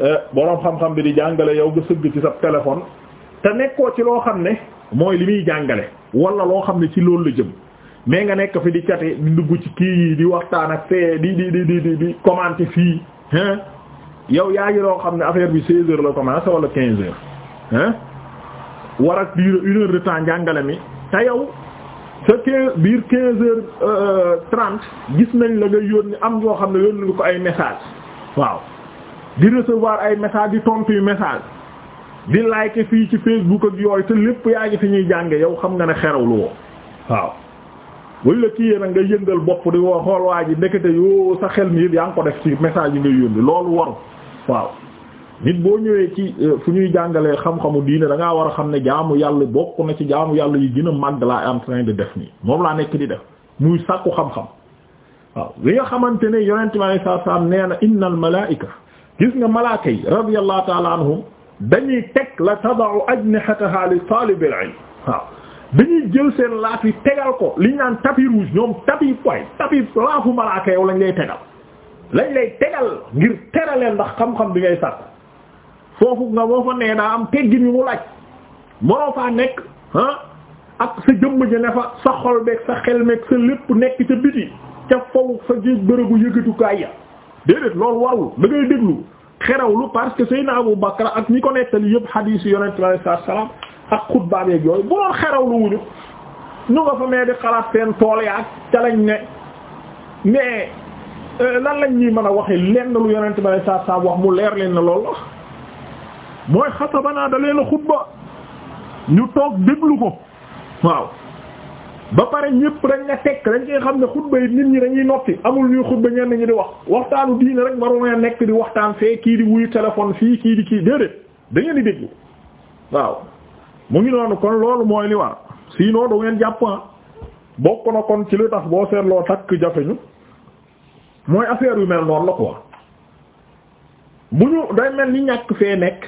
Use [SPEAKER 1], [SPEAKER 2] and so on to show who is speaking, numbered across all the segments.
[SPEAKER 1] Eh, boroom xam-xam bi di jàngale yow nga sëgg ci sab téléphone te nekkoo ci loo xam ne mooy li muy jàngale wala loo xam ne ci loolu la jëm mais nga nekk fi di cate di dugg ci kii yi di waxtaan ak fee di di di di di commenter fii hein yow yaa ngi loo xam ne affaire bi 16 heures la commencé wala 15 heures hein war ak biir une heure de temps jàngale mi te yow sa quinze biir 15 euh, gis nañ la nga yónni am yoo xam ne yónni ko ay message waaw di recevoir ay message di tontu yu message di like fii ci Facebook ak yooyu te lépp yaa ngi fi ñuy jànge yow xam nga ne xerewlu woo waaw wala kii yée nag nga yëngal bopp di woo xool waa ji ndekete yoo sa xel mi yëpp yaa ngi ko def ci message yi nga yónni loolu waru waaw nit boo ñëwee ci euh, fu ñuy jàngalee xam-xamu diine da ngaa war a xam ne jaamu yàlla bokk na ci jaamu yàlla yi gën a màgg laa en train de def nii moom laa nekk di def muy sàkku xam-xam waaw li nga xamante ne yonent bi sallallahu alayhi wasallam nee na innal gis nga malaaka yi radiyallahu taala anhum dañuy teg la tada'u ajnihataha li talib al-ilm waaw dañuy jël seen laaf yi tegal ko li ñu naan tapis rouge ñoom tapis poy tapis laafu malaaka yow lañ lay tegal lañ lay tegal ngir teraleen ndax xam-xam bi ngay sàkk foofu nga boo fa nee daa am teggin yu mu laaj moroo faa nekk ah ak sa jëmm ja ne fa sa xol beeg sa xel meeg sa lépp nekk ca biti ca fow sa jéeg bërëbu yëgatukaay ya déedéet loolu warul da ngay déglu lu parce que Seydina Abu Bakar ak ñi ko nettali yëpp xadiis yonent bi alayhi salaam ak xutba beek yooyu bu doon xerawlu wuñu ñu nga fa mee di xalaat seen tool yaak ca lañ ne mais euh, lan lañ ñuy mën a waxee lenn lu yonent bi alayhi salaam wax mu leer leen na loolu wax mooy xatabanaa da leen a ba ñu toog déglu ko waaw ba pare ñëpp dañ nga tekk dañ koy xam ne xutba yi nit ñi dañuy noppi amul ñuy xutba ñeen ñi di wax waxtaanu diine rek waroon na nekk di waxtaan fee kii di wuyu téléphone fii kii di kii déedéet da ngeen di déglu waaw mu ngi noonu kon loolu mooy li war sinon da ngeen jàpp ah bokk na kon ci lu tax boo seetloo takk jafeñu mooy affaire yu mel noonu la quoi bu ñu day mel ni ñàkk fee nekk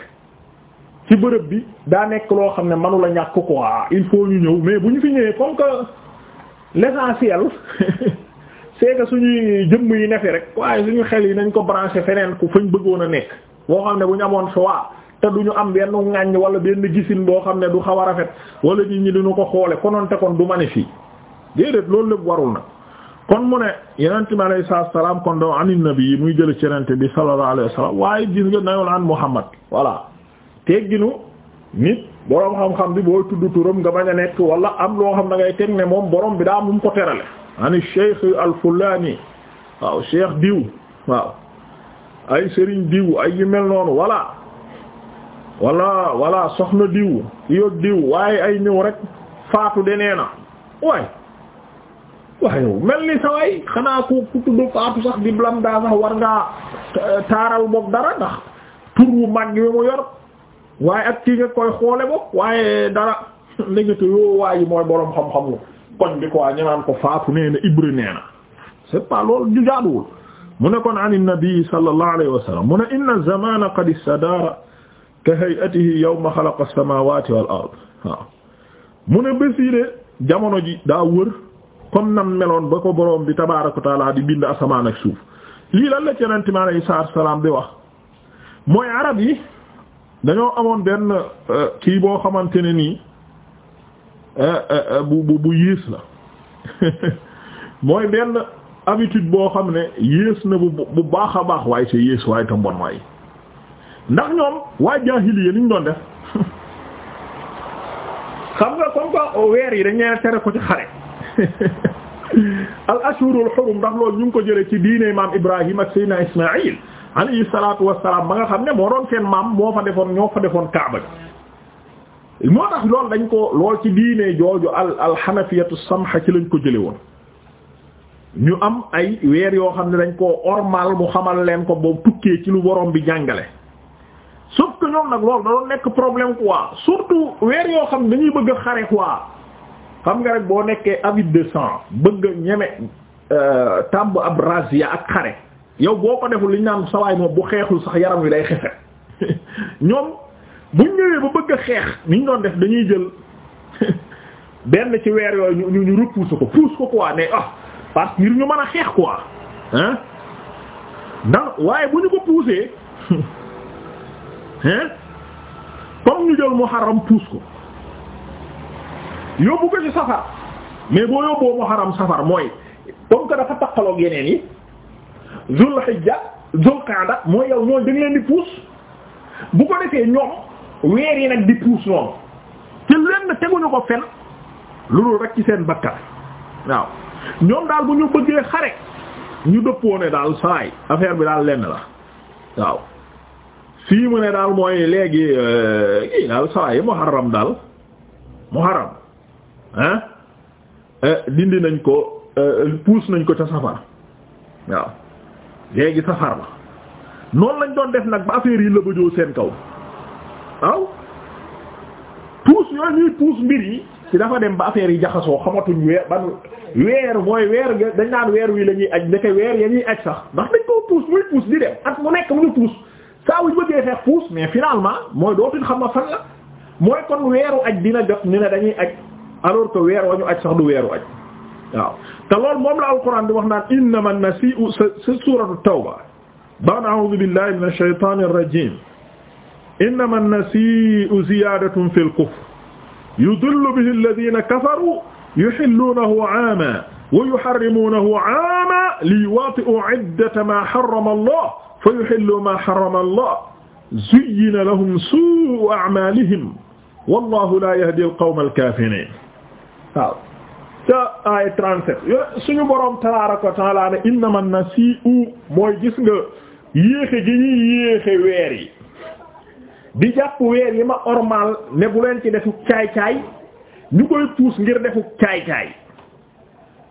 [SPEAKER 1] ci bërëb bi daa nekk loo xam ne manu la ko quoi il faut ñu ñëw mais bu ñu fi ñëwee comme que l'essentiel c'est suñuy jëmm yi nefe rek waaye suñu xel yi nañ ko branché feneen ku fañ bëggoon a nekk boo xam ne bu ñu amoon choix te du ñu am benn ŋàññ wala benn gisin boo xam ne du xaw a rafet wala nit ñi duñu ko xoole konoon te kon du ma ne fii déedéet loolu lépp warul na kon mu ne yenente bi alayhi salaatu salaam kon doo anin nabi yi muy jël ci yenente bi sallallahu wa sallam waaye gis nga tegginu nit boroom xam-xam bi booy tudd turam nga bañ a nekk wala am loo xam na ngay teg moom boroom bi daa mu ko terale ani cheikh al fulani waaw cheikh diw waaw ay sëriñ diw ay yu mel noonu wala wala wala soxna diw yo diw waaye ay ñëw rek faatu denee na waay waaye mel ni sa xanaa ku ku tudd faatu sax di blam daa sax war ngaa euh, taaral boobu dara ndax tur wu mag wi mu yor waaye ak kii nga koy xoole bopp waaye dara négatif yoo waayi mooy boroom xam-xam koñ bi quoi ñu naan ko faatu nee na ibri nee na c'est pas ju jaaduwul mu ne kon an innabii sallallahu alayhi wa sallam mu ne inna zamana qad istadara ka hay'atihi yawma xalaqa as-samawati wal yi de jamono ji daa wër comme nam meloon ba ko boroom bi tabaaraka wa taala di bind asamaan ak suuf lii lan la ci yonente mi alayhi salaam di wax mooy arab yi dañoo amoon benn euh, kii boo xamante ne nii euh, euh, bu bu bu yées la mooy benn habitude boo xam ne yées na bu bu baax a baax waaye sa yées waaye ta mbon waaye ndax ñoom waa jaahiliya li ñu doon def xam nga comme quoi weer yi dañ leen tere ko ci xare al ashurul hurum ndax loolu ñu ko jëlee ci diine maam Ibrahim ak Seydina Ismaïl alayhi salaatu wassalaam ba nga xam ne moo doon seen maam moo fa defoon ñoo fa defoon kaaba moo tax loolu dañ ko lool ci diine jooju al alxanafiyatu samha ci lañ ko jële woon ñu am ay weer yoo xam ne dañ ko ormal mu xamal leen ko boobu tukkee ci lu borom bi jàngale sauf que nag loolu nekk problème quoi surtout weer yoo xam ne dañuy bëgg a xare quoi xam nga rek boo nekkee avide de sang bëgg a ñeme euh, tàmb ab razzia ak xare yow boo ko deful li ñu naan sawaay moom bu xeexul sax yaram wi day xefe ñoom buñ ñëwee ba bëgg a xeex ni doon def dañuy jël benn ci weer yooyu ñu ñu repousse ko pousse ko quoi ne ah parce que ngir ñu mën a xeex quoi hein ndax waaye bu ñu ko poussé hein comme ñu jël muharram pousse ko yóbbu ko ci safar mais boo yóbboo muharram safar mooy comme que dafa takkaloog yeneen yi zul hijja zul qaada mooy yow ñooñu da nga leen di puus bu ko defee ñoom weer yi nag di puus noonu te lenn teguñu ko fen lu dul rek ci seen bakkan waaw ñoom daal bu ñu bëggee xare ñu dëppoo ne daal saay affaire bi daal lenn la waaw fii mu ne daal mooy léegi euh, kii daal saay muharram daal muharram ah dindi nañ ko euh, puus nañ ko ca safar waaw léegi safar la noonu lañ doon def nag ba affaire yi la bëjoo seen kaw waaw puus yooyu ñuy puus mbir yi ci dafa dem ba affaire yi jaxasoo xamatuñ weer ban weer mooy weer dañ naan weer wii la ñuy aj ndeke weer ya ñuy aj sax ndax dañ koo puus muy puus di dem at mu nekk mu ñu puus saa wuñ bëggee feex puus mais finalement mooy dootuñ xam ma fan la mooy kon weeru aj dina jot ñu ne dañuy aj alors que weer wañu aj sax du weeru aj waaw te loolu moom la alquran di wax naan innama nasi'u sa suuratu tawba ba'da a'uudu billahi minash shaytaanir rajiim innama nasi'u ziyaadatun fil kufr yudillu bihi alladhiina kafaruu yuhilluunahu 'aaman wa yuharrimuunahu 'aaman liyuwaati'uu 'iddata maa harrama Allah fa yuhilluu maa harrama Allah zuyyina lahum suu'u a'maalihim wallaahu laa yahdii al-qawma al-kaafiriin waaw ca ay 37 yo- suñu boroom tabaaraka wa ta'aala ne innama nasii'u mooy gis nga yéexe gi ñuy yéexe weer yi di jàpp weer yi ma ormal ne bu leen ci defu caay caay ñu koy defu caay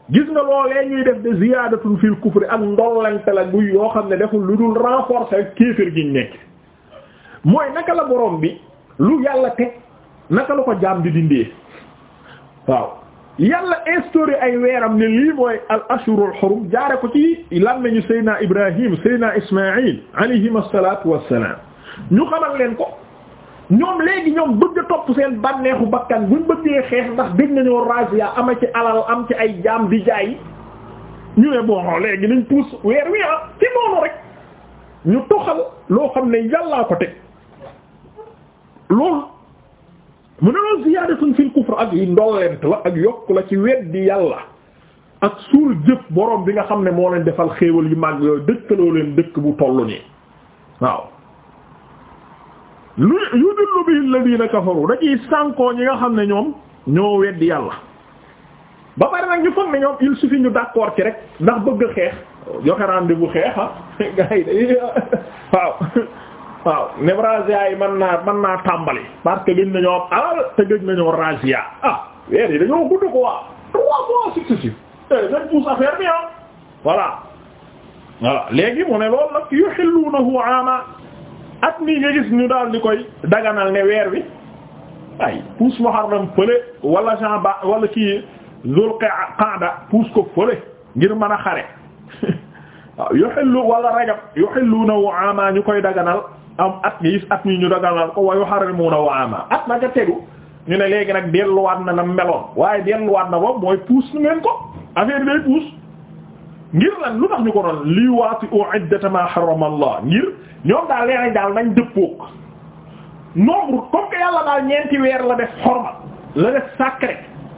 [SPEAKER 1] gis nga loolee ñuy def de ziyaadatun fil kufri ak ndollante la bu yoo xam ne deful lu dul renforcer kéefër gi ñu nekk mooy naka la boroom bi lu yàlla teg naka la ko jaam di dindee waaw yàlla instauré ay weeram ne lii mooy al ashurul xurum jaare ko ci lan nañu Seydina Ibrahim Seydina Ismaïl alayhim asalaatu wassalaam ñu xamal leen ko ñoom léegi ñoom bëgg a topp seen bànneexu bakkan buñ bëggee xeex ndax gëj nañoo razia ama ci alal am ci ay jaam di jaay ñu ne bon léegi nañ puus weer wi ah ci noonu rek ñu toxal loo xam ne yàllaa ko teg loolu mu ne loolu ziyaadatun fil kufr ak yi ndollent la ak yokk la ci weddi yàlla ak suul jëf borom bi nga xam ne moo leen defal xéewal yu mag yooyu dëkkaloo leen dëkk bu toll nii waaw lu yudillu bihi alladhina kafaru da ciy sànkoo ñi nga xam ne ñoom ñoo weddi yàlla ba pare nag ñu foog ne ñoom il suffit ñu d'accord ci rek ndax bëgg xeex joxe rendez-vous xeex ah waaw waaw ne razzia yi mën naa mën naa tàmbali parce que gëj nañoo am alal te gëj nañoo razzia ah weer yi dañoo gudd ko waa trois mois successifs eh dañ pousse affaire bi ah voilà voilà léegi mu ne loolu nag yuhillunahu ama at mii nga ñu daal di koy daganal ne weer wi ay pousse muharram fële wala janba wala kii zul qa'da pousse ko fële ngir mën a xare waaw yuhillu wala rajab yuhillunahu ñu koy daganal am at mi gis at mi ñu daganal ko wayu xaramuuna waama at ma ca tegu ñu ne léegi nag delluwaat na na meloon waaye delluwaat na boobu mooy puus ñu ngeen ko affaire bi day puus ngir lan lu tax ñu ko doon lii waati u iddata ma harrama Allah ngir ñoom daal leenañ daal nañ dëppook nombre comme que yàlla daal ñeenti weer la def xorma la def sacré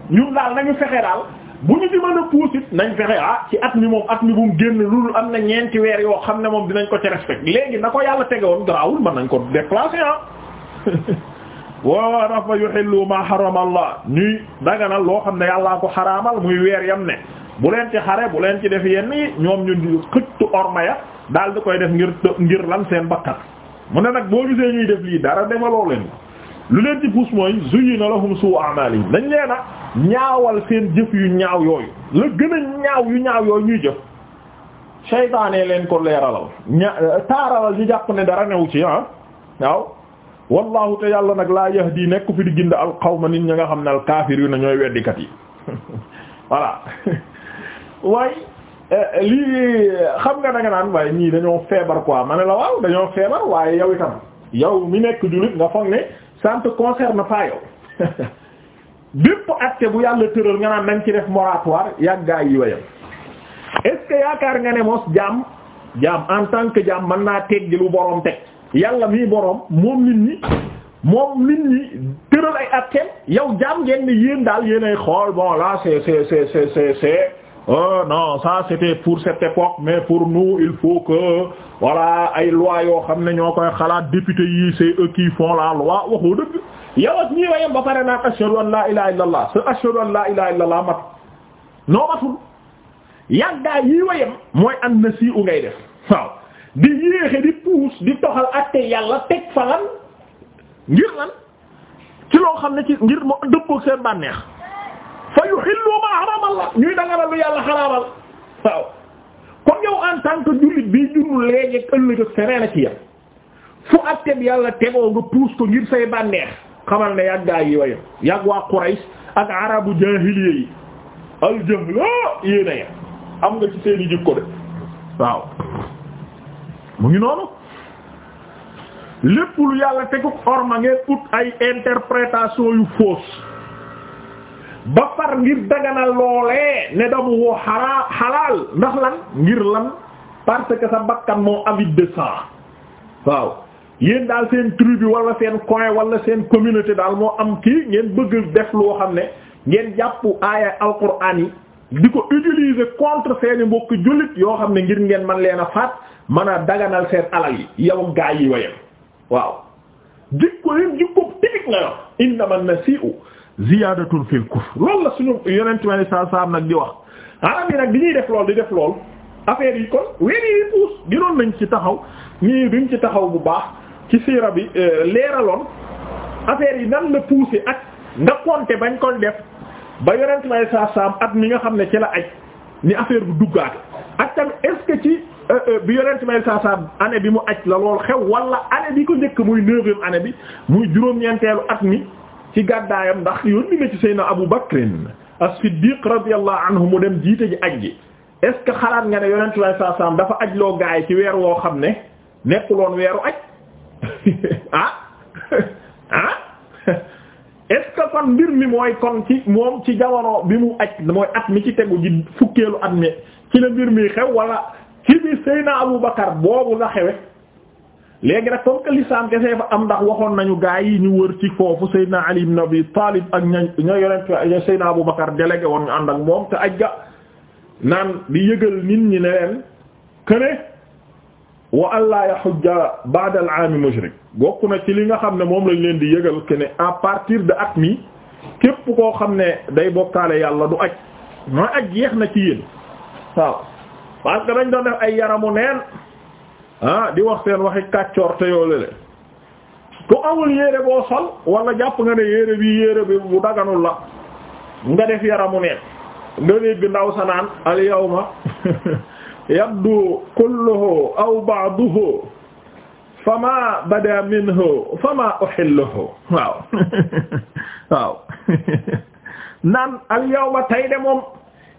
[SPEAKER 1] ñun daal nañu fexe daal bu ñu ci mën a puus nañ fexe ah ci at mi moom at mi bu mu génn loolu am na ñeenti weer yoo xam ne moom dinañ ko ci respect léegi na ko yàlla tegewoon garaawul mën nañ ko déplacer ah wa rafa yuhillu ma harama Allah ñuy daganal loo xam ne yàllaa ko xaraamal muy weer yam ne bu leen ci xare bu leen ci def yenn yi ñoom ñu xëctu ormaya daal di koy def ngir ngir lan seen bakkat mu ne nag boo gisee ñuy def lii dara demaloo leen lu leen ci puus mooy zuyyina lahum suu a'malihim dañ leen a ñaawal seen jëf yu ñaaw yooyu la gën a ñaaw yu ñaaw yooyu ñuy jëf seytaane leen ko leeralal ña taaralal ñu jàpp ne dara newu ci ah waaw wallahu te yàlla nag laa yahdi nekk fi di ginda al qawma nit ñi nga xam ne al kaafir yu na ñooy weddikat yi voilà waaye eh, lii xam nga da nga naan waaye ñii dañoo feebar quoi ma ne la waaw dañoo feebar waaye yow itam mi nekk jullit nga foog ne ça ne te concerne pas bépp acte bu yàlla tëral nga naan nañ ci def moratoire yàgg gaay yi wayam est yaakaar nga ne mos jaam jaam en tant que jaam mën naa teg lu boroom teg yàlla mii borom moom nit ñi moom nit ñi tëral ay actes yow jaam ngeen ne daal yéen xool bon là c'est c'est c'est c'est oh non ça c'était pour cette époque mais pour nous il faut que voilà ay loi yoo xam ne ñoo koy xalaat député yi c'est eux qui la loi waxoo dëgg yow ñii wayam ba pare naan ashhadu an la ilaha illallah sa ashhadu an la ilaha illallah mat noo matul yaggaa yii wayam mooy an na si u ngay def waaw di yéexe di puus di toxal atte yàlla teg fa ngir lan ci loo xam ne ci ngir mo dëppook seen bànneex fa yuhillu ma haramallah ñuy dangana lu yàlla xaraamal waaw kon yow en tant jullit bii jurul léegi ak ëllëg ak feneen a ci yam fu àtteeb yàlla tegoo nga puus ko ngir say bànneex xamal ne yàggaa yi yàgg waa Quraysh ak arabu jaahiliya yi aljahla ah, yéena ya am nga ci seeni jikko de waaw mu ngi noonu lépp lu yàlla teguk orma ngeen ut ay interprétation yu fausse ba far ngir daganal loolee ne damu woo xalaal ndax lan ngir lan parce que sa bakkan moo avide de sang waaw yéen daal seen tribu walla seen coin wala seen communauté daal moo am kii ngeen bëgg def loo xam ne ngeen jàpp aaya alquran yi di ko utiliser contre seeni mbokk jullit yoo xam ne ngir ngeen man leen a faat mën a daganal seen alal yi yow gaa yi wayam waaw jikko leen jikko typique la yor innaman nasi'u ziyaadatun fil kufr loolu la suñu yeneen ci wàllu saa saam nag di wax. arab yi nag bi ñuy def lool di def lool affaire yi ko weer yi puus gënoon nañ ci taxaw nii duñ ci taxaw bu baax ci siira bi euh, leeraloon affaire yi nan la poussé ak nga compter bañ ko def ba yeneen ci wàllu at mi nga xam ne ci la aj ni affaire bu duggaate ak tamit est ci euh, euh, bi yonent may saa saa année bi mu aj la loolu xew wala année bi ko njëkk muy neuvième année bi muy juróom-ñeenteelu at mi ci gàddaayam ndax yónni na ci Seydina Abu Bakrin as-Siddiq radiyallahu anhu mu dem jiite ji aj gi est-ce xalaat nga ne yonentu Yàlla sallallahu alayhi dafa aj gaay ci weer woo xam ne nekkuloon weeru aj ah ah est mbir mi mooy kon ci moom ci jamono bi mu aj mooy at mi ci tegu ji fukkeelu at mi ci la mbir mi xew wala ci bi Seydina Abu Bakar boobu la xewe léegi nag comme que l'islam kese fa am ndax waxoon nañu gaa yi ñu wër ci foofu Seydina Ali ibn Abi Talib ak ña ña yonent Seydina Abu Bakar délégué woon ñu ànd ak moom te ajja naan di yëgal nit ñi ne leen këne wa allah ya xujja ba'da al mushrik bokk na ci li nga xam ne moom lañ leen di yëgal këne à partir de at mi képp koo xam ne day bokkaale yàlla du aj mooy aj yeex na ci yéen waaw parce que dañ doon def ay yaramu neen ah di wax seen waxi kàccoor te yoo lele ku amul yére boo sol wala jàpp nga ne yére bi yére bi bu daganul la nga def yaramu neen nga dégg ndaw sa naan al yabdu kulluhu aw ba'duhu fama bada fama uhilluhu waaw waaw naan al yawma de moom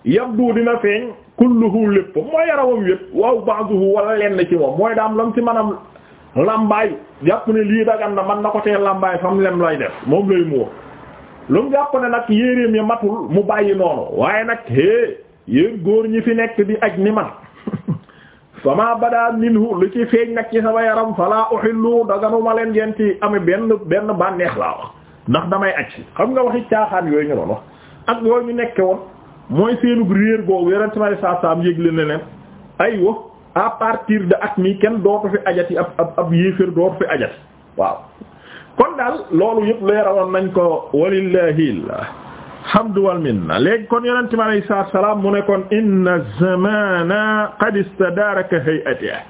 [SPEAKER 1] yabdu dina feeñ kulluhu lépp mooy yarawam yépp waaw ba'duhu wala lenn ci moom mooy daam lam ci manam làmbaay jàpp ne lii dagan na man na ko tee làmbaay fam lem lay def moom lay muur lu mu jàpp ne nag yéeréem ya matul mu bàyyi noonu waaye nag hé yéen góor ñi fi nekk di aj ni man fama badaa minhu lu ci feeñ nag ci sama yaram fala uhillu daganuma leen ngeen ci ame benn benn bànneex laa wax ndax damay aj xam nga waxi caaxaan yooyu ñu doon ak yooyu nekke woon mooy seenug réer googu yonent ma saa saa am yëgle à partir de at mi kenn dootu fi ajati ab ab ab yéeféer dootu fi ajati waaw kon daal loolu yëpp leeraloon nañ ko walillahi alhamdu wal minna léegi kon yonent mi alayhi salaatu salaam mu ne kon inna zamana qad istadaraka hay'atihi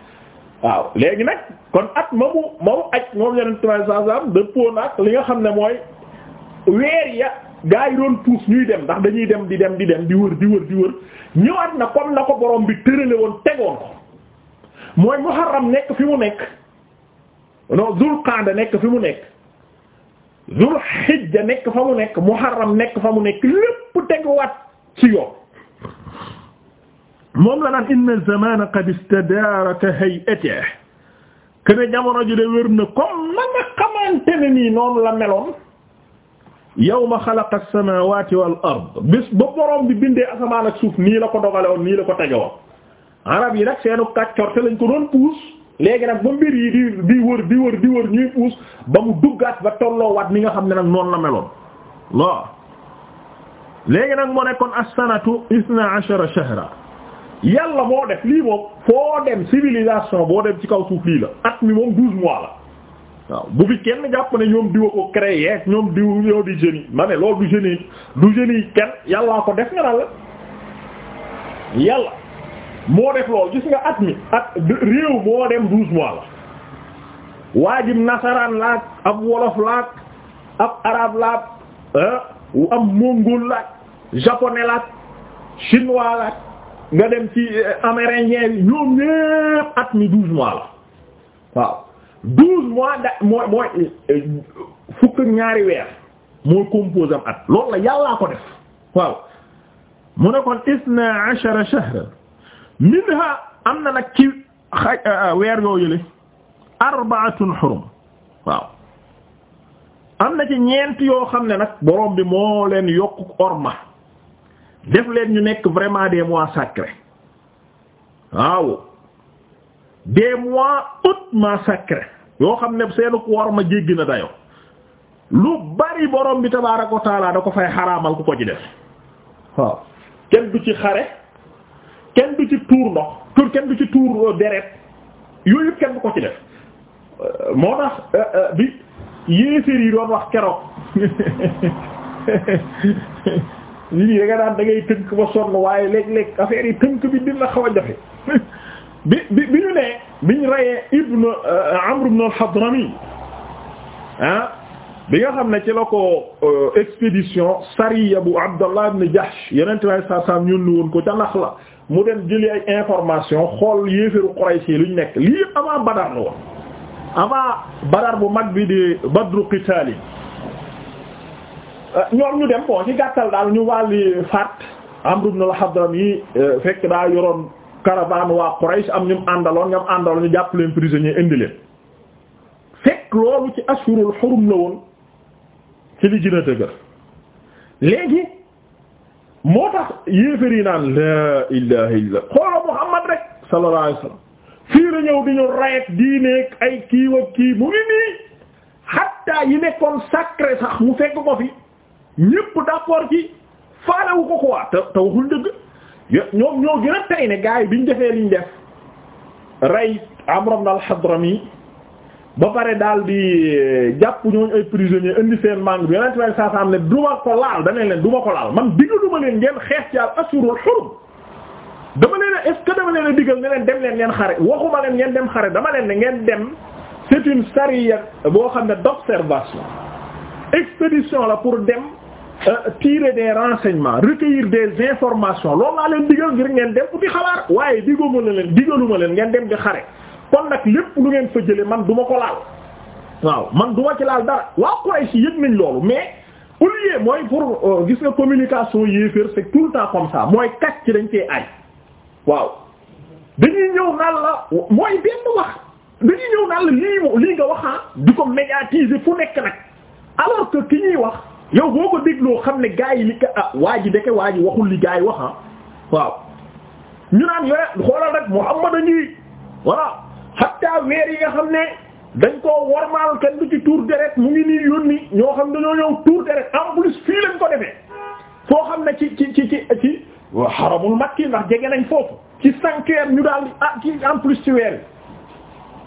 [SPEAKER 1] waaw léegi nag kon at moomu moomu aj moom yonent mi alayhi salaatu salaam dëppoo li nga xam ne mooy weer ya gaa yi doon puus ñuy dem ndax dañuy dem di dem di dem di wër di wër di wër ñëwaat na comme na ko borom bi tërale woon tegoon ko mooy muharram nekk fi mu nekk non zul nekk fi mu nekk zul hijja fa mu nekk muharram nekk fa mu nekk lépp teguwaat ci yoon moom la naan inna zamana jamono ji de wér na comme na noonu la meloon yawma xalaqa as-samaawaati wal ard bis ba borom bi bindee asamaan ak suuf nii la ko dogale woon nii la ko tege arab yi nak seenu kàccoor te lañ ko doon puus léegi nag ba mbir yi di di wër di wër di wër ñuy puus ba mu duggaat ba tolloowaat ni nga xam ne nag noonu la meloon waaw léegi nag moo nekkoon as-sanatu isna ashara shahra yàlla moo def lii moom foo dem civilisation boo dem ci kaw suuf lii la at mi moom douze mois la waaw bu fi kenn jàpp na ñoom diwa ko créé ñoom diw ñoo di génie ma ne loolu du génie du génie kenn yàllaa ko def nga daal la yàlla moo def loolu gis nga at mi at réew moo dem douze mois la waajib nasaraan laak ab wolof laak ab arab laak ah am mongol laak japonais laak chinois laak nga dem ci amérindien ñoom ñépp at mi douze mois la waaw douze mois da mooy mooy fukk ñaari weer mooy composé am at loolu la yàllaa ko def waaw mu ne kon isna ashara shahran minha am na nag ci euh, euh, weer yoo yële arbaatun xurum waaw am na ci ñeent yoo xam ne nag borom bi moo leen yokk orma def leen ñu nekk vraiment de mois sacrés waaw des mois ma sacrés yoo xam ne seenu woor ma jéggi na dayoo lu bari borom bi tabaaraka wa taala da ko fay xaraamal ku ko ci def waaw kenn du ci xare kenn du ci tuur ndox tur kenn du ci tuur euh, deret yooyu kenn du ko ci def euh, moo tax euh, bi yéeféer yi doon wax keroog lii da nga daan da ngay tënk ba sonn waaye léeg-léeg affaire yi tënk bi dina xaw a jafe bi bi bi ñu ne biñ reyee ibnu euh, Amr ibn al-Hadrami ah bi nga xam ne ci la ko euh, expédition sariya bu Abdallah ibn Jahsh yeneen tubaab yi saa saa woon ko ca nax la mu dem jëli ay information xool yéefaru Quraysh yi luñ nekk lii yëpp avant Badar la woon avant Badar bu mag bi di Badru Qitaali euh, ñoom ñu dem bon ci gàttal daal ñu wàlli faat Amr ibn al-Hadrami fekk daa yoroon. caravane waa Quraysh am ñum àndaloon ñam àndaloon ñu jàpp leen prisonnier indi leen fekk loolu ci ashurul xurum la woon ci li gën a dëgër léegi moo tax yéeféri naan la ilaha illa xoola Muhammad rek sallallahu alayhi wasallam fii la ñëw di ñu rayet diineeg ay kiiwa kii mu ngi nii xatta yi nekkoon sacré sax mu fekk ko fi ñépp d'accord ci faalewu ko quoi te te waxul dëgg ñoom ñoo gën a tey ne gaa yi biñ defee liñ def rey Amr ibn al-Hadrami ba pare daal di eh, jàpp ñooñu ay prisonniers indi seen màng bi yeneen ci sa saa am ne du ma ko laal da leen du ma ko laal man diggalu ma leen ngeen xeex ci al-ashurul hurum dama leen est-ce que dama leen a digal ne leen dem leen ngeen xare waxuma leen ngeen dem xare dama leen ne ngeen dem c'est une sariya boo xam ne d'observation expédition la pour dem. Euh, tirer des renseignements recueillir des informations loolu laa leen digal ngir ngeen dem di xabaar waaye diguma leen digaluma leen ngeen dem di xare kon nag lépp lu ngeen fa man du ma ko laal waaw man du ma ci laal dara waa Quraysh yëg nañ loolu mais au lieu mooy pour euh, gis nga communication yéeféer c'est tout le temps comme ça mooy kàcc ci dañ cee ay waaw dañuy ñëw naan la mooy benn wax dañuy ñëw naan la lii lii nga waxaa ah, di ko médiatiser fu nekk nag alors ki ñuy wax yow boo ko dégloo xam ne gaa yi li ka ah waa ji deke waa ji waxul li gaay wax a ah. waaw ñu naan yore xoolal rek Muhammad a ngi voilà hatta weer yi nga xam ne dañ koo wormaal kenn du ci tuur deret mu ngi nii ñoo xam dañoo ñëw tuur deret en plus fii lañ ko defee foo xam ne ci ci ci ci ci xaramul makki ndax jege nañ foofu ci sanctuaire ñu daal ah ci en plus ci weer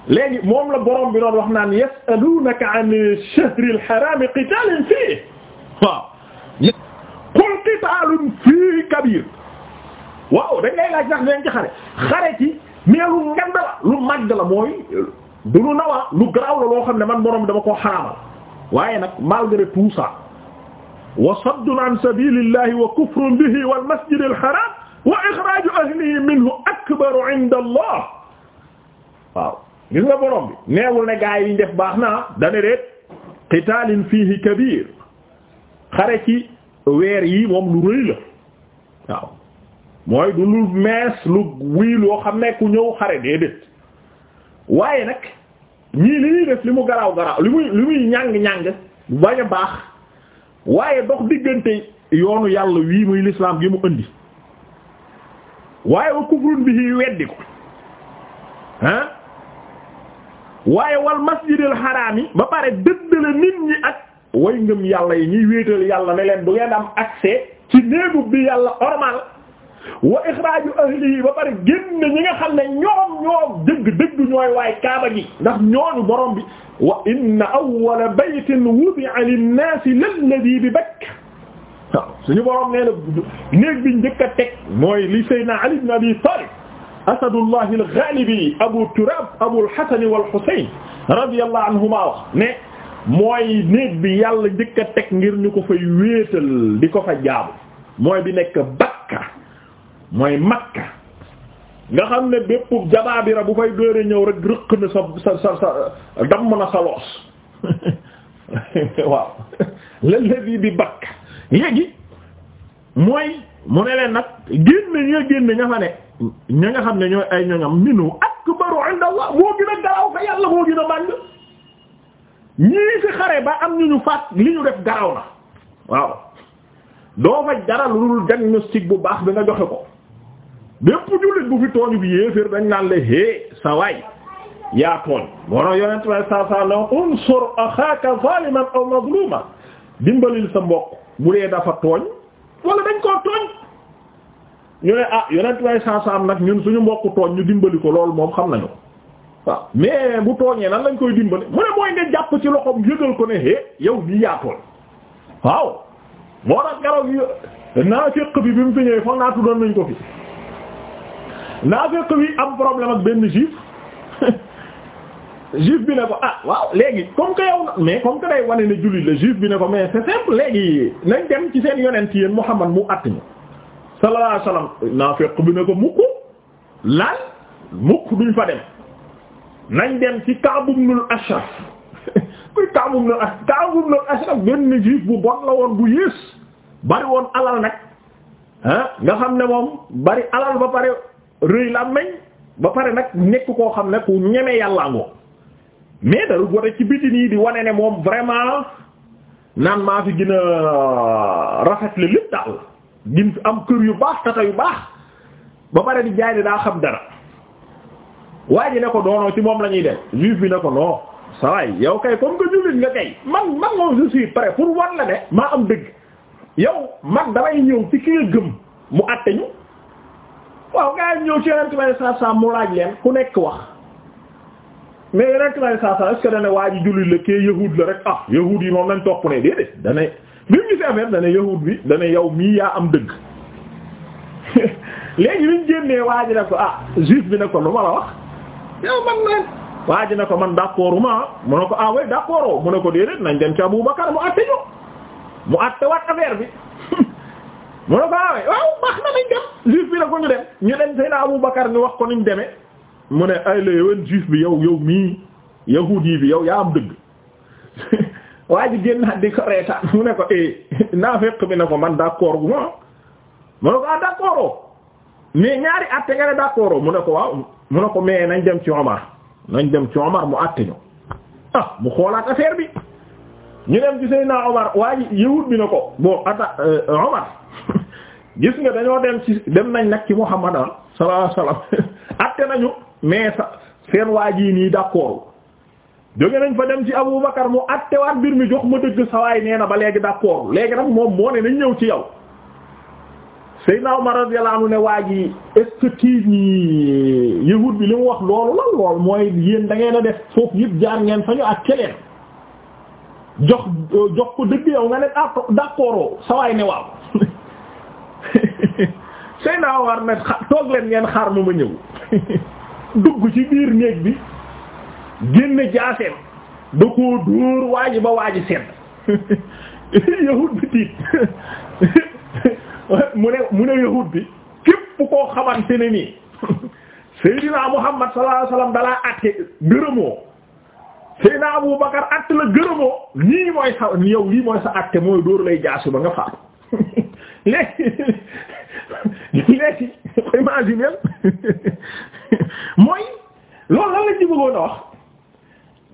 [SPEAKER 1] léegi moom la borom bi doon wax naan yas'alunaka an shahril haram qitalin fihi waaw qul qitaalun fii kabir waaw dañ lay laaj ndax dañ ci xare xare ci mais lu ngand la lu màgg la mooy du lu nawaa lu garaaw la loo xam ne man borom dama koo xaraamal waaye nag malgré tout ça wa saddun an sabilillahi wa kufrun bihi wal masjidil haram wa ixraaju ahlihi minhu akbaru inda allah waaw gis nga borom bi neewul ne gaa yi ñu def baax na dane reet qitaalin fiihi kabir xare ci weer yi moom lu rëy la waaw mooy du lu mees lu wii loo xam ne ku ñëw xare déedéet waaye nag ñii li ñuy def li mu garaaw garaaw li muy li muy ñàng-ñàng bañ a baax waaye dox diggante yoonu yàlla wii muy l'islam gi mu indi waaye wa kufrun bihi weddi ko ah waaye wal masjidil xaraam yi ba pare dëddale nit ñi ak way ngëm yàlla yi ñuy wéetal yàlla ne leen du ngeen am ci néegu bi yàlla normal wa ixraaju ahli yi ba pare génn nga xam ne ñoom ñoom dëgg dëgg ñooy waay kaaba gi ndax ñooñu borom bi wa inna awwala baytin wudi'a lin-naasi lalladhi bi Bakka waaw suñu borom na néeg bi njëkk a teg li Seydina Ali ibn Abi Talib asadullah al-ghalibi Abu Turab Abu al-Hasan wal-Husayn radiyallahu anhuma wax mooy néeg bi yàlla njëkk a teg ngir ñu ko fay wéetal di ko fa jaabu mooy bi nekk bakka mooy makka nga xam ne bépp jabaabira bu fay dóore ñëw rek rëq na sa sa sa sa damm na sa loos waaw lalladi bi bakka léegi mooy mu ne leen nag génne ña génne ña fa ne ña nga xam ne ñooy ay ñoñam minu akbaru inda Allah moo gën a garaw fa yàlla moo gën a màgg ñii fi xare ba am ñu ñu faat li ñu def garaw na waaw doo faj dara lu dul diagnostic bu baax bi nga joxe ko bépp jullit bu fi tooñ bi yéeféer dañ naan la hé sa waay yaa tooñ wara a way sa aw mazluma dimbalil sa mbokk bu dee dafa tooñ wala dañ koo tooñ ñu ne ah yonent sa sa am nag ñun suñu mbokk tooñ ñu dimbali ko loolu moom xam nañu waaw mais bu tooñee nan lañ koy dimbali mu ne mooy nga jàpp ci loxoom yëgal ko ne hé yow nii yaa tooñ waaw moo tax garaw yi naaféq bi bi mu fi ñëwee foog naa tuddoon nañ ko fi naaféq bi am problème ak benn juif juif bi ne ko ah léegi comme yow mais comme que day wane ne jullit la juif bi ne ko mais c'est simple léegi nañ dem ci seen yonent yéen Muhammad mu att ñu sallallahu alayhi wasallam naaféq bi ne ko mukk laal mukk duñ fa dem nañ dem ci Ka'b ibn al-Ashraf kuy Ka'b ibn al-Ashraf Ka'b ibn al bu bon la woon bu yées bari woon alal nag ah nga xam ne moom bari alal ba pare rëy la meñ ba pare nag nekk koo xam ne ku ñeme yàlla ngoo mais daru bote ci biti nii di wane ne moom vraiment naan maa fi gën a rafet le lépp daal gin fi am kër yu baax tata yu baax ba pare di jaay ne daa xam dara waa ji ne ko doono ci moom la ñuy def juif bi ne ko non sawaay yow kay comme que jullit nga kay man man moom je suis prêt pour war la ne maa am dëgg yow man damay ñëw ci ki gëm mu àtte ñu waaw nga ñëw ci yonent bi sallallahu alayhi mu laaj leen ku nekk wax mais yonent bi sallallahu alayhi wasallam dana waa ji jullit la kee yahud la rek ah yahud yi moom lañ topp ne déedéet dana bi mu gisee affaire dana yahud bi dana yow mii yaa am dëgg léegi liñ génnee waa ji ah, bi ne ko lu ma yow man leen waa ji ne ko man d'accordu ma mu ne ko ah oui d'accord mu ne ko déedéet nañ dem ci Abubakar mu àtte ñu mu àtte waat affaire bi mu ne ko ah oui waaw baax na nañ dem juif bi ne ko ñu dem ñu dem Seydina Abubakar ñu wax ko niñ demee mu ne ay la yowen juif bi yow yow mii yahudi bi yow yaa am dëgg waa ji génnaat di ko reetaan mu ne ko eh naafeq bi ne ko man d'accordu ma mu ne ko ah d'accord mais ñaari àtte nga ne d'accord mu ne ko waaw mu ne ko mais nañ dem ci Omar nañ dem ci Omar mu àtte ñu ah mu xoolaat affaire bi ñu dem ci Seydina Omar waa ji yawut bi ne ko bon ata euh, Omar gis nga dañoo dem ci dem nañ nag ci Muhammad ah, sallallahu alayhi wasallam àtte nañu mais sa seen waa ji nii d'accord jóge nañ fa dem ci Abubakar mu àttewaat mbir mi jox ma dëgg sawaay nee na ba léegi d'accord léegi nag moom moo ne nañ ñëw ci yow Seydina Omar radiyallahu anhu ne waa ji est ce que bi li mu wax loolu la lool mooy yéen da def foofu yëpp jaar ngeen fa ñu ak keleen jox jox ko dëgg yow nga ne ah, d'accord sawaay ne waaw Seydina Omar ne toog leen ngeen xaar ma ma ñëw dugg ci biir néeg bi génn jaaseem da koo dóor waa ji ba waa ji sedd yahud bi tiit mu ne mu ne yahud bi képp koo xamante ne nii Seydina Muhammad sallallahu alayhi wasallam dalaa àtte gërëmoo Seydina Abu Bakar àtte la gërëmoo nii mooy sa yow lii mooy sa àtte mooy dóor lay jaasi ba nga faat léegi léegi imaginer mooy loolu lan a wax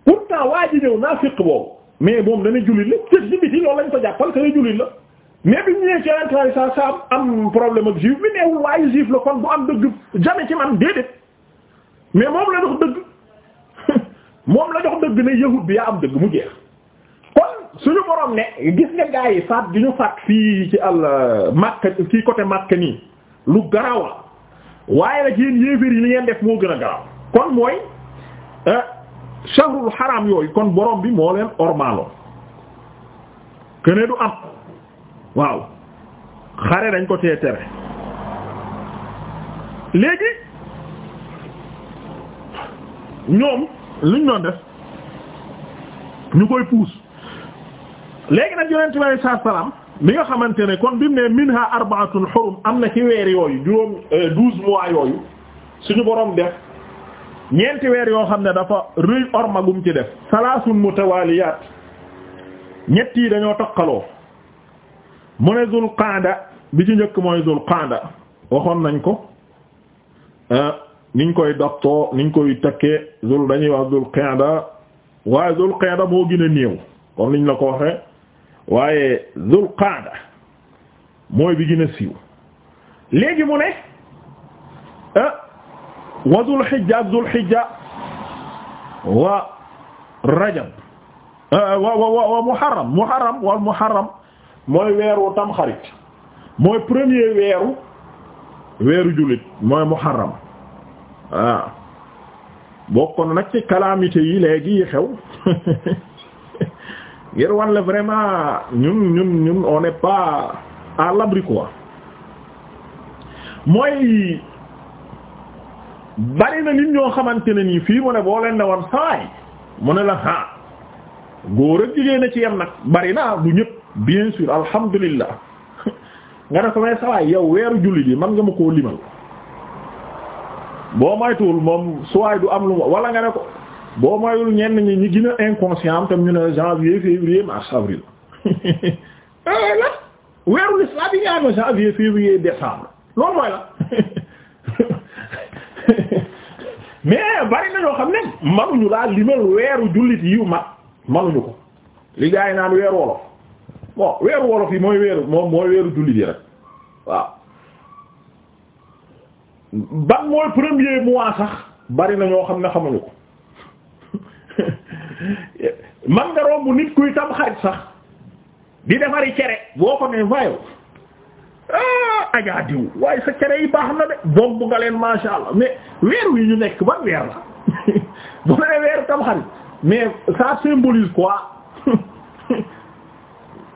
[SPEAKER 1] pourtant waa ji ñëw naa fiq boobu mais la cër ko jàppal que ne jullit la. mais bi mu ñëwee ci sa sa am problème ak juif bi neewul waaye juif la kon bu am dëgg jame ci man déedéet mais moom la jox dëgg moom la jox dëgg ne yahud bi yaa am dëgg mu jeex kon suñu borom ne gis nga gaa yi faat di ñu faat fii ci àll euh, Makka ci côté Makka nii lu garaaw waaye nag yéen yéeféer yi li ngeen def moo gën a garaaw kon mooy euh, shahrul haram yooyu kon borom bi moo leen ormaaloon kene du am waaw xare dañ ko tee tere léegi ñoom luñ noon def ñu koy puus léegi nag yonent bi saa salaam mi nga xamante ne kon bi mu ne minha arba'atun hurum am na ci weer yooyu juróom euh, douze mois yooyu suñu boroom def ñeenti weer yoo xam ne dafa rëy ormagum ci def salaasun mutawaliyaat ñett yi dañoo toqaloo mu ne zul qaada bi ci njëkk mooy zul qaada waxoon nañ ko euh, niñ koy dattoo niñ koy takkee zul dañuy wax zul qaada waaye zul qaada moo gën a néew kon liñ la ko waxee waaye zul qaada mooy bi gën a siiw léegi mu ne euh, wa zul hijja zul hijja wa rajab euh, wa wa wa muharram muharram wal muharram mooy weeru tamxarit mooy premier weeru weeru jullit mooy muharram waaw bokkoon nag ci calamité yi léegi yi xew ngir wan la vraiment ñun ñun ñun pas à l'abri mooy bari na nit ñoo xamante ne nii fii mu ne boo leen ne woon sawaay mu ne la ah góor ak jigéen ci yem nag bari na du ñëpp bien sûr alhamdulillah nga ne ko sawaay yow weeru jullit yi man nga ma koo limal boo moytuwul moom suwaay du am lu wala nga ne ko boo moyul ñenn ñi ñi gën a inconscient ñu ne janvier février mars avril la euh, weeru l'islam yi nga am janvier février décembre loolu mooy la mais bari na xam ne manuñu laa limal weeru jullit yi ma manuñu ko ligaay naan weeru wolof bon weeru wolof yi mooy weeru moom mooy weeru jullit yi rek waaw ban mooy premier mois sax bari na ñoo xam ne xamuñu ko man nga romb nit kuy tam xarit sax di defari cere boo ko ne waaye ah ajaa diw waaye sa cere yi baax na de bomb nga leen masha Allah mais weer wi ñu nekk ban weer la bu ne weer tam xarit mais ça symbolise quoi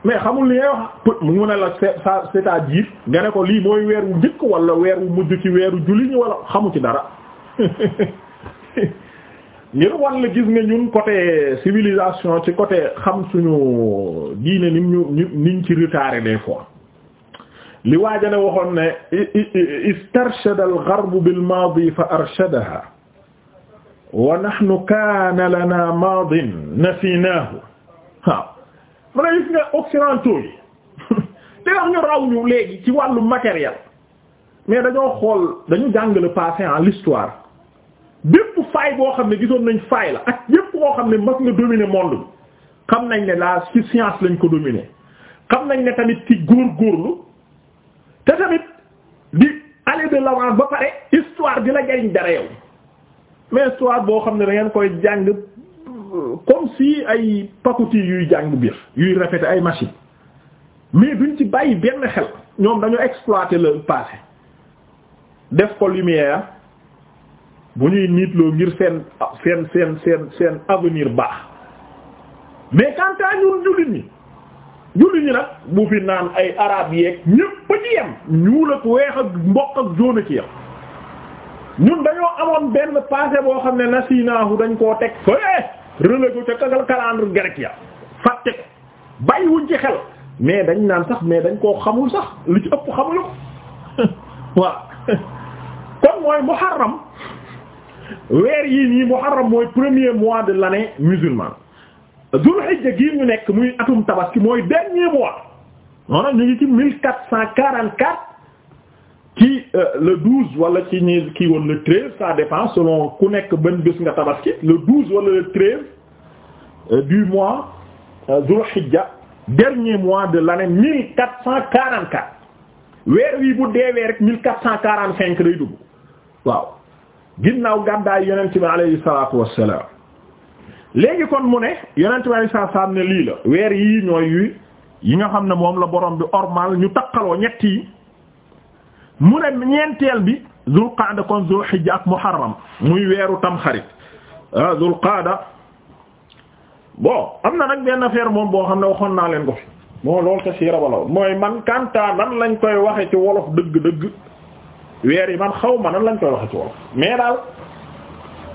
[SPEAKER 1] mais xamul li ngay wax mu ne la c'est-à-dire nga ne ko lii mooy weer wu njëkk wala weer wu mujj ci weeru julli ñi wala xamu ci dara ngir wan la gis nga ñun côté civilisation ci côté xam suñu diine ni ñu niñ ci retardé des fois li waajane waxoon ne istarshada al gharb bil maadi fa arshadaha wa nahnu kaana lana maadin nasinaahu waaw mu ne gis nga occidentaux yi te wax ñu raw ñu léegi ci wàllu matériel mais dañoo xool dañu jàng le passé en l'histoire bépp faay boo xam ne gisoon nañ faay la ak bépp koo xam ne mas nga dominer monde bi xam nañ ne la ci science lañ ko dominer xam nañ ne tamit ci góorgóorlu te tamit di aller de l'avant ba pare histoire di la jariñ dara yow mais histoire boo xam ne dangeen ngeen koy jàng comme ci ay pacotille yuy jàng biir yuy répéter ay machine mais duñ ci bàyyi benn xel ñoom dañoo exploiter le passé def ko lumière bu ñuy niitloo ngir seen seen seen seen seen avenir baax mais quant à ñun jullit ñi jullit ñi nag bu fi naan ay arab yeeg ñëpp ci yem ñuul ak weex ak mboq ak jaune ci yem ñun dañoo amoon benn passé boo xam ne nasinaahu dañ koo teg fële relégo ca kagal calendre ya fàtte ko bàyyi wuñ ci xel mais dañ naan sax mais dañ koo xamul sax lu ci ëpp xamuñu ko waaw kon mooy muharram weer yii nii muharram mooy premier mois de l'année musulmane dul hijja gi ñu nekk muy atum tabaski mooy dernier mois noonu ñu ngi ci mille quatre cent quarante-quatre ci euh, le douze wala ci ñi kii woon le treize ça dépend selon ku nekk benn bés nga tabaski le douze wala le treize euh, du mois Dhul euh, Hidja dernier mois de l'année mille quatre cent quarante weer wi bu deewee rek mille quatre cent quarante cinq day dugg waaw ginnaaw gàddaay yonent bi alayhi wassalaam léegi kon mu ne yonent bi alayhi salaatu wassalaam lii la weer yii ñooy yi nga xam ne moom la borom bi ormal ñu takkaloo ñett yi mu ne ñeenteel bi zul qaada kon zul hijja ak muharram muy weeru tamxarit ah zul qaada bon am na nag benn affaire moom boo xam ne waxoon naa leen ko fi moo loolu ta siira bala mooy man kanta nan lañ koy waxe ci wolof dëgg-dëgg weer yi man xaw ma nan lañ koy waxe ci wolof mais daal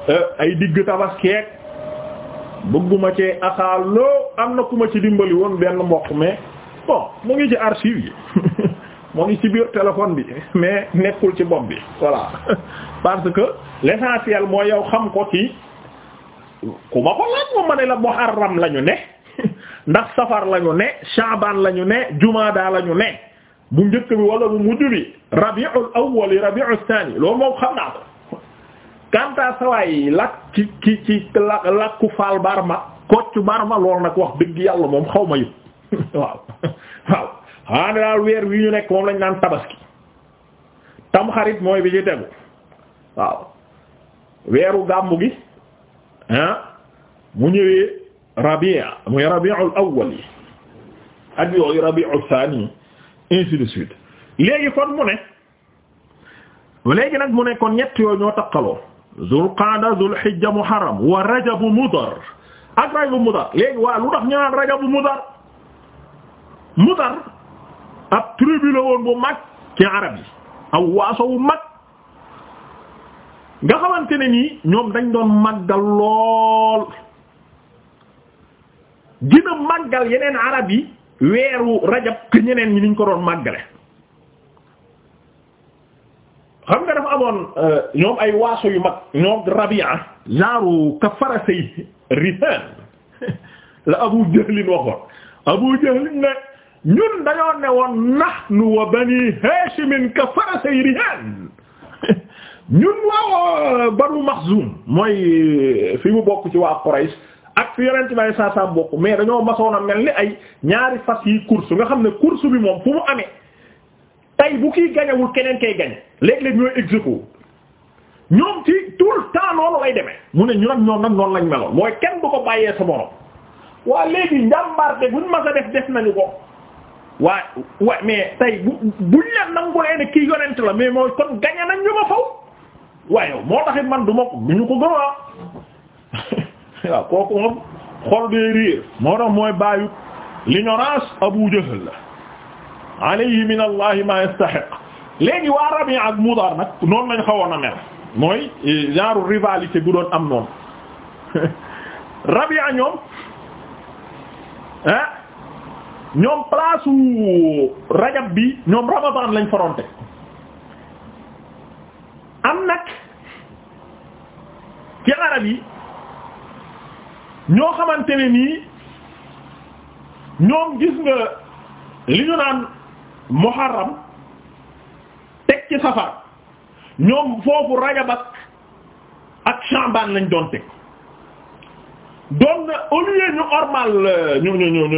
[SPEAKER 1] eh, ay digg tabaskeek bëgguma ci asaal loo am na ku ma ci dimbali woon benn mboq mais bon mu ngi ci archive yi moo ngi ci biir téléphone bi mais nekkul ci bopp bi voilà parce que l'essentiel mooy yow xam ko ci ku ma ko laaj moom ma ne la muharram la ne ndax safar lañu ne shaaban lañu ne jumaada lañu ñu ne bu njëkk bi wala bu mujj bi rabiul awwal rabiul thani loolu moom xam naa ko kanta sawaay lak ci ci ci lakku faal barma kocc barma loolu nag wax dëgg yàlla moom xaw ma yëpp waaw waaw xanaa ah daal weer wi ñu nekk moom lañ naan tabaski tamxarit mooy bi ci tegu waaw weeru gàmmu gi ah mu ñëwee rabia muy rabiul awwal yi ak yooyu rabiul thani ainsi de suite léegi kon mu ne léegi nag mu ne kon ñett yooyu ñoo takkaloo zul qada zul hijja muharram wa rajabu mudar ak rajabu mudar léegi waa ab tribu la woon bu mag ci arab yi aw waaso wu mag nga xamante ne nii ñoom dañ doon màggal lool gina màggal yeneen arab yi weeru rajab ke ñeneen ñi niñ ko doon màggale xam nga dafa amoon euh, ñoom ay waaso yu mag ñoom rabia genre ka farasay rihaan la abu jahlin waxoon abu jahlin ne ñun dañoo ne woon nax nahnu wa bani Hashim ka farasay rihaan ñun waa Banu Maxzum mooy euh, fi mu bokk ci waa Quraysh ak fi yonent saa saa bokk mais dañoo masoon a mel ni ay ñaari fas yi course nga xam ne course bi moom fu mu amee tey bu kiy gañewul keneen kay gañe léeg-léeg ñooy ex aequo ñoom ci tout le temps noonu lay mu ne ñu nag ñoom nag noonu lañ meloon mooy kenn du ko bàyyee sa morom waa léegi njàmbaarte buñ mas a def def nañu ko. waa waa mais tey bu buñ la nangulee ne la mais mooy kon gañe nañ ma faw waaye moo taxit man du ma ko du ñu ko gëm ah kooku moom xol dee moo tax mooy bàyyu l'ignorance Abu Jahl la alayhi ma yastahiq léegi waa Rabi' ak Mudar nag noonu lañ xawoon a mel mooy eh, genre rivalité bu doon am noonu Rabi' ñoom ah ñoom place rajab bi ñoom ramadan lañ faronte am nag ci arab yi ñoo xamante ne nii ñoom gis nga li ñu naan muharram teg ci safar ñoom foofu rajab ak shambaan lañ doon teg donc au lieu ñu normal euh, ñu ñu ñu